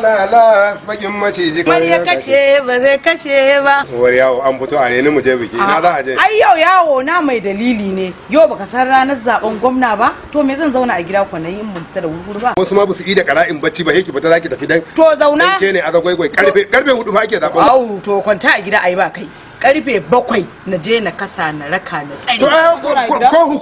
lala bakin maciji kare ya kashe ba zai kashe ba war yawo an fito a reni mu je biki na za a je ai yau yawo na mai dalili ne yau baka san ranar zaben gwamna ba to me zan zauna a gida ku na in fita da wuri ba wasu ma ba su yi da kara'in bacci ba yake fita zaki tafi dan to zauna ke ne a gwaigwai karfe karfe hudu ma ake zaben au to kwanta a gida ai ba kai karfe bakwai na je na kasa na raka na tsari. ko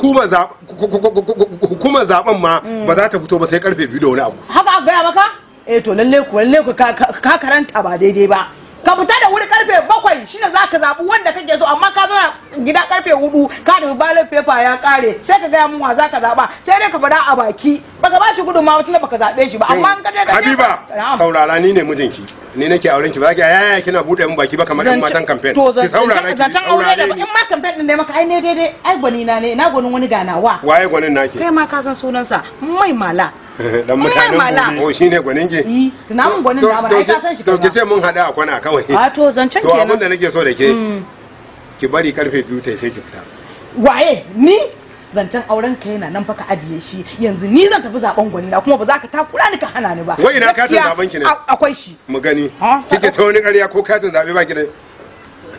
hukumar zaben ma mm. ba za ta fito ba sai karfe biyu da wani abu. Haba a gaya maka? eh to lalle ku lalle ku ka karanta ba daidai ba ka fita da wuri karfe bakwai shine za ka zaɓi wanda kake so amma ka zauna gida karfe hudu ka da ballot paper ya kare sai ka gaya min wa za ka zaɓa sai dai ka faɗa a baki baka ba shi gudunmawa tunda baka zaɓe shi ba amma in ka je ka Habiba saurara ni ne mijinki ni nake auren ki ba ki yaya kina bude mun baki ba kamar in matan campaign to zancen aure da in ma campaign din ne maka ai ne daidai ai gwanina na ne na gwanin wani ganawa waye gwanin nake kai ma ka san sunansa mai mala dan mutanen ko oh, shine gwanin ki tuna mun gwanin da ba ta san shi to ki ce mun hada a kwana kawai a ah, to zancen kenan to abin da nake so da ke hmm. ki bari karfe biyu ta sai ki fita waye ni zancen auren ka yana nan fa ka ajiye shi yanzu ni zan tafi zaben gwani da kuma ba za ka takura ni ka hana ni ba wai ina katin zaben ki ne akwai shi mu gani kike ta wani ƙarya ko katin zabe ba ki da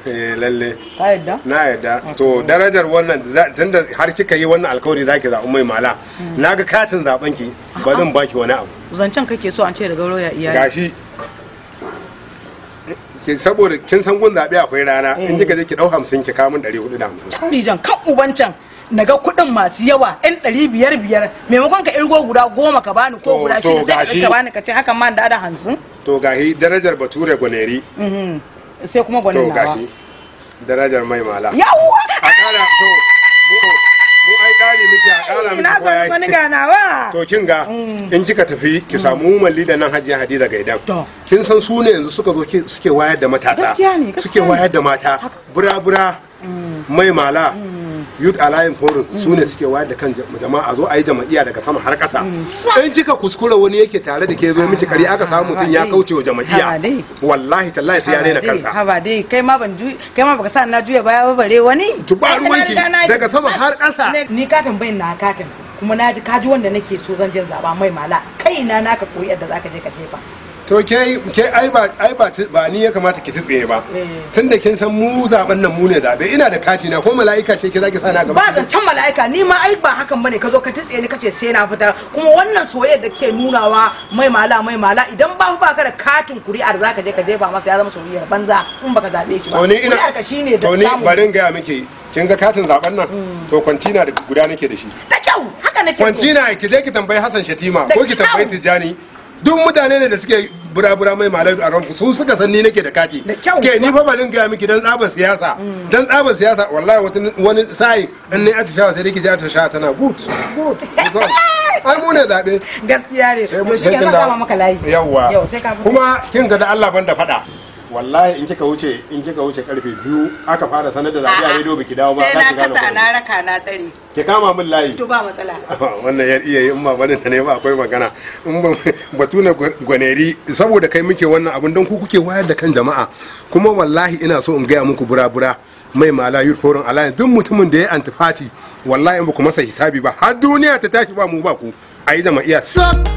eh lalle na yadda to darajar wannan tunda har kika yi wannan alkawari zaki zaɓi mai mala hmm. naga katin zaɓen ki ba zan baki wani abu zancen kake so an ce daga roya iyali gashi ke saboda kin san gun zaɓe akwai rana in eh. kika je ki dau 50 ki kawo min 450 kari jan kan ubancan ga kuɗin masu yawa yan ɗari biyar biyar maimakon ka irgo guda goma ka bani ko guda shida sai ka bani ka ce hakan ma da da hansu to gahi darajar bature gwaneri mhm. sai kuma gwanin nawa darajar mai mala yawwa a kara to mu ai kare miki a kara miki ko yayi ga nawa to kin ga mm. in kika tafi ki mm. samu malli da nan hajiya hadiza gaidan kin san su ne yanzu suka zo suke wayar da matasa suke wayar da mata bura mm. mai mala youth alliance forum su ne suke wayar da kan jama'a zo a yi jama'iya daga sama har kasa mm. in kika kuskura wani yake tare da ke zo miki kari aka samu mutum ya kauce wa jama'iya wallahi tallahi sai ya rena kansa haba dai kai ma ban kai ma baka sa na juya baya ba bare wani tubaruwanki daga sama har kasa ni ka tambayin na katin kuma naji kaji wanda nake so zan je zaba mai mala kai na naka koyi yadda zaka je ka jefa to ke ai ba ba ni ya kamata ki tsiye ba eh. tunda kin san mu zaben nan mu ne zabe ina da kati na ko mala'ika ce ki zaki sana gaba ba zancen mala'ika ni ma ai ba hakan bane ka zo ka tsiye ni kace sai na fitar kuma wannan soyayya da ke nunawa mai mala mai mala idan ba ba ka da katin kuri'ar zaka je ka jefa masa ya zama soyayya banza in baka zabe shi ba to ni ina ka shine da to ni barin ga miki kin ga katin zaben nan hmm. to kwantina da guda nake da shi da kyau haka nake kwantina ki je ki tambayi Hassan Shatima ko ki tambayi Tijani duk mutane ne da suke burabura mai malar a ranku su suka san ni nake da kaki ke ni fa balin ga miki dan tsabar siyasa mm. dan tsabar siyasa wallahi wani sai in ne atishawa sai dake ji atishawa tana good good ai mu ne zabe gaskiya ne sai mun sai kin da maka layi yawa kuma kin ga da Allah banda fada wallahi in kika wuce in kika wuce karfe biyu aka fara sanar da zabi a rediyo biki dawo ba sai na kasa na raka na tsare ki kama min layi to ba matsala wannan yar yi in ma bane ta ne ba akwai magana in batu na gwaneri saboda kai muke wannan abun don ku kuke wayar da kan jama'a kuma wallahi ina so in gaya muku burabura mai mala yur forum alliance duk mutumin da ya antifati wallahi in ba ku masa hisabi ba har duniya ta tashi ba mu ba ku a yi jama'iya